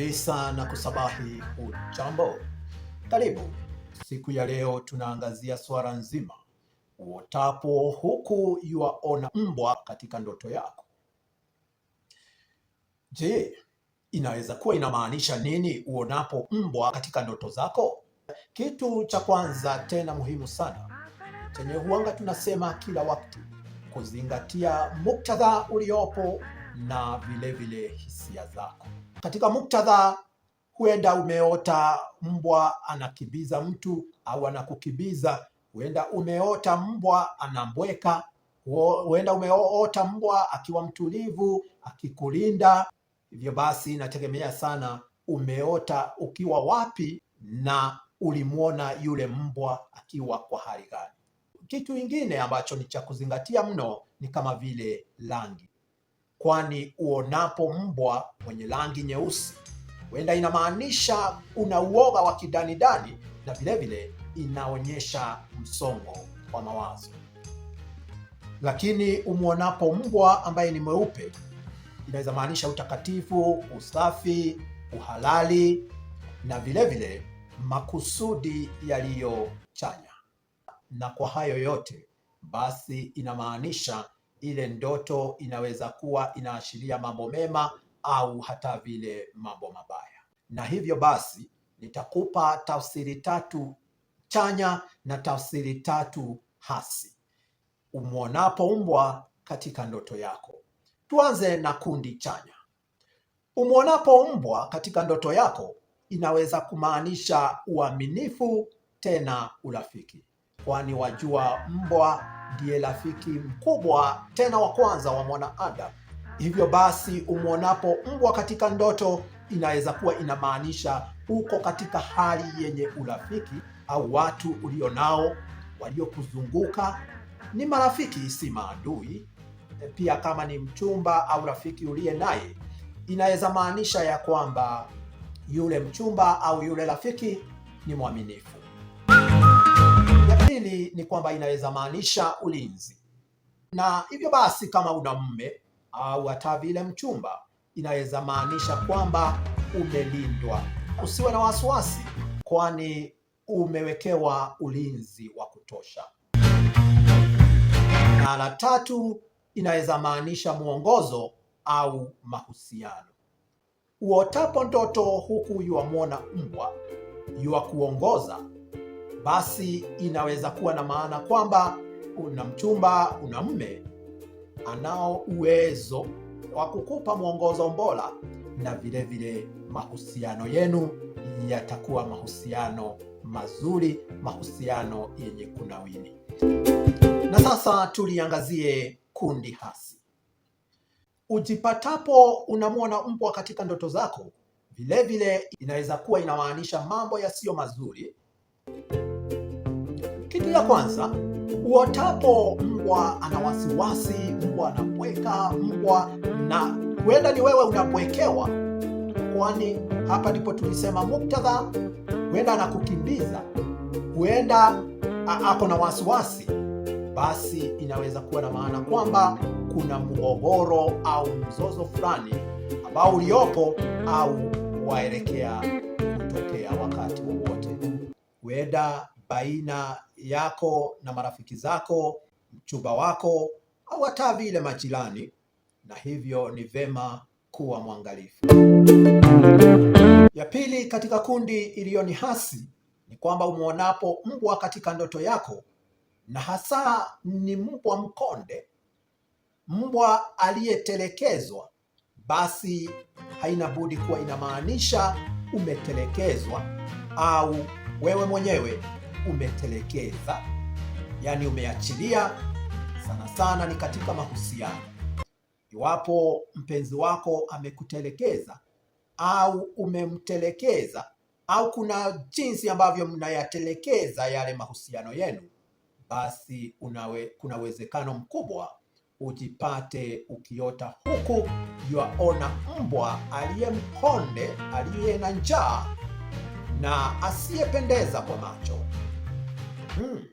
kabisa na kusabahi. Ujambo, karibu. Siku ya leo tunaangazia swala nzima uotapo huku yuwaona mbwa katika ndoto yako. Je, inaweza kuwa inamaanisha nini uonapo mbwa katika ndoto zako? Kitu cha kwanza tena muhimu sana chenye huanga tunasema kila wakati, kuzingatia muktadha uliopo na vilevile vile hisia zako. Katika muktadha huenda umeota mbwa anakimbiza mtu au anakukimbiza, huenda umeota mbwa anambweka, huenda umeota mbwa akiwa mtulivu akikulinda. Hivyo basi inategemea sana umeota ukiwa wapi na ulimwona yule mbwa akiwa kwa hali gani. Kitu kingine ambacho ni cha kuzingatia mno ni kama vile rangi kwani uonapo mbwa mwenye rangi nyeusi huenda inamaanisha una uoga wa kidanidani na vilevile inaonyesha msongo wa mawazo. Lakini umwonapo mbwa ambaye ni mweupe inaweza maanisha utakatifu, usafi, uhalali na vilevile vile makusudi yaliyochanya Na kwa hayo yote basi inamaanisha ile ndoto inaweza kuwa inaashiria mambo mema au hata vile mambo mabaya. Na hivyo basi nitakupa tafsiri tatu chanya na tafsiri tatu hasi umwonapo mbwa katika ndoto yako. Tuanze na kundi chanya. Umwonapo mbwa katika ndoto yako inaweza kumaanisha uaminifu, tena urafiki kwani wajua mbwa ndiye rafiki mkubwa tena wa kwanza wa mwanadamu. Hivyo basi, umwonapo mbwa katika ndoto inaweza kuwa inamaanisha uko katika hali yenye urafiki, au watu ulionao waliokuzunguka ni marafiki, si maadui. E, pia kama ni mchumba au rafiki uliye naye, inaweza maanisha ya kwamba yule mchumba au yule rafiki ni mwaminifu pili ni kwamba inaweza maanisha ulinzi, na hivyo basi kama una mume au hata vile mchumba, inaweza maanisha kwamba umelindwa. Usiwe na wasiwasi, kwani umewekewa ulinzi wa kutosha. Na la tatu inaweza maanisha mwongozo au mahusiano. Uotapo ndoto huku yuwamwona mbwa yuakuongoza, basi inaweza kuwa na maana kwamba una mchumba, una mme anao uwezo wa kukupa mwongozo mbora na vilevile mahusiano yenu yatakuwa mahusiano mazuri, mahusiano yenye kunawili. Na sasa tuliangazie kundi hasi. Ujipatapo unamwona mbwa katika ndoto zako, vilevile inaweza kuwa inamaanisha mambo yasiyo mazuri kitu ya kwanza, uotapo mbwa ana wasiwasi, mbwa anapweka, mbwa na huenda ni wewe unapwekewa, kwani hapa ndipo tulisema muktadha, huenda anakukimbiza, huenda ako na wasiwasi, basi inaweza kuwa na maana kwamba kuna mgogoro au mzozo fulani ambao uliopo au waelekea kutokea wakati huenda baina yako na marafiki zako, mchumba wako au hata vile majirani, na hivyo ni vema kuwa mwangalifu. Ya pili katika kundi iliyo ni hasi ni kwamba umuonapo mbwa katika ndoto yako, na hasa ni mbwa mkonde, mbwa aliyetelekezwa, basi haina budi kuwa inamaanisha umetelekezwa au wewe mwenyewe umetelekeza, yaani umeachilia. Sana sana ni katika mahusiano. Iwapo mpenzi wako amekutelekeza au umemtelekeza au kuna jinsi ambavyo mnayatelekeza yale mahusiano yenu, basi unawe, kuna uwezekano mkubwa ujipate ukiota huku yuaona mbwa aliye mkonde aliye na njaa na asiyependeza kwa macho hmm.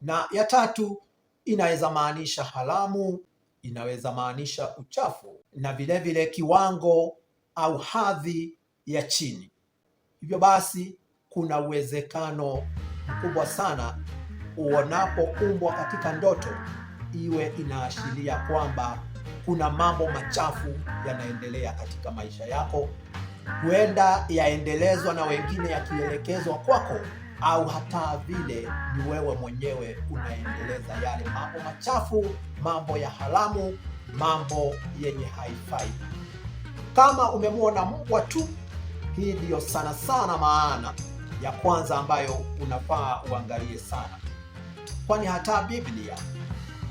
Na ya tatu inaweza maanisha haramu, inaweza maanisha uchafu na vilevile kiwango au hadhi ya chini. Hivyo basi kuna uwezekano mkubwa sana kumbwa katika ndoto iwe inaashiria kwamba kuna mambo machafu yanaendelea katika maisha yako huenda yaendelezwa na wengine yakielekezwa kwako, au hata vile ni wewe mwenyewe unaendeleza yale mambo machafu, mambo ya haramu, mambo yenye haifai. Kama umemwona mbwa tu, hii ndiyo sana sana maana ya kwanza ambayo unafaa uangalie sana, kwani hata Biblia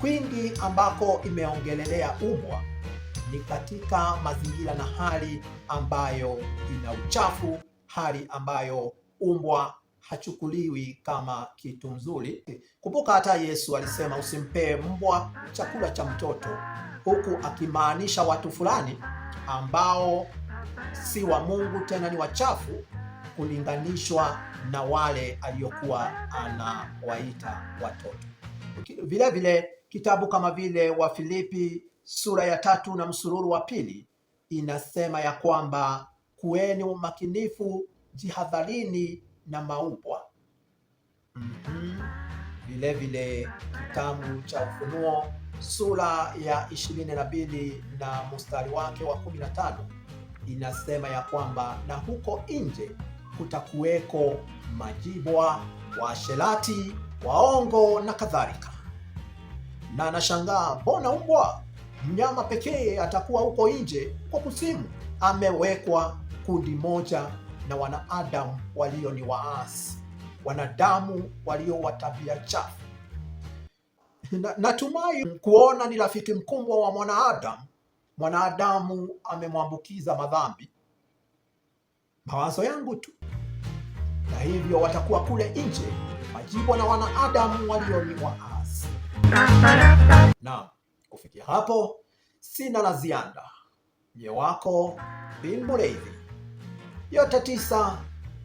kwingi ambako imeongelelea umbwa ni katika mazingira na hali ambayo ina uchafu, hali ambayo umbwa hachukuliwi kama kitu nzuri. Kumbuka hata Yesu alisema usimpee mbwa chakula cha mtoto, huku akimaanisha watu fulani ambao si wa Mungu tena ni wachafu kulinganishwa na wale aliyokuwa anawaita watoto. Vilevile vile, kitabu kama vile Wafilipi sura ya tatu na msururu wa pili inasema ya kwamba kuweni umakinifu, jihadharini na maubwa mm -hmm. Vile vile kitabu cha Ufunuo sura ya ishirini na mbili na mstari wake wa kumi na tano inasema ya kwamba na huko nje kutakuweko majibwa, waasherati waongo na kadhalika, na anashangaa mbona mbwa mnyama pekee atakuwa huko nje kwa kusimu, amewekwa kundi moja na wanaadamu walio ni waasi, wanadamu walio wa tabia chafu. Na, natumai kuona ni rafiki mkubwa wa mwanaadamu. Mwanadamu amemwambukiza madhambi, mawazo yangu tu, na hivyo watakuwa kule nje yanajibiwa na wanaadamu walio ni waasi. Na kufikia hapo, sina la ziada. Mye wako Bin Buleidhi, yote tisa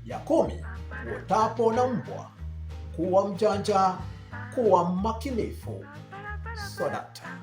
ya kumi, uotapo na mbwa, kuwa mjanja, kuwa makinifu. Sodata